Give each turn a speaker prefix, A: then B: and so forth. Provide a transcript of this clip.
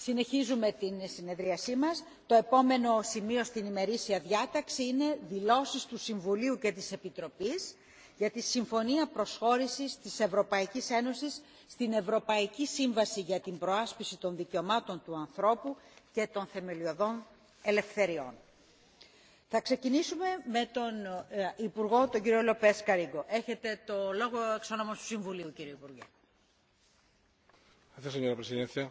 A: Συνεχίζουμε την συνεδρίασή μας. Το επόμενο σημείο στην ημερήσια διάταξη είναι δηλώσεις του Συμβουλίου και της Επιτροπής για τη Συμφωνία Προσχώρησης της Ευρωπαϊκής Ένωσης στην Ευρωπαϊκή Σύμβαση για την Προάσπιση των Δικαιωμάτων του Ανθρώπου και των Θεμελιωδών Ελευθεριών. Θα ξεκινήσουμε με τον ε, Υπουργό, τον κύριο Λοπές Καρίγκο. Έχετε το λόγο εξ του Συμβουλίου, κύριε
B: Υπουργέ.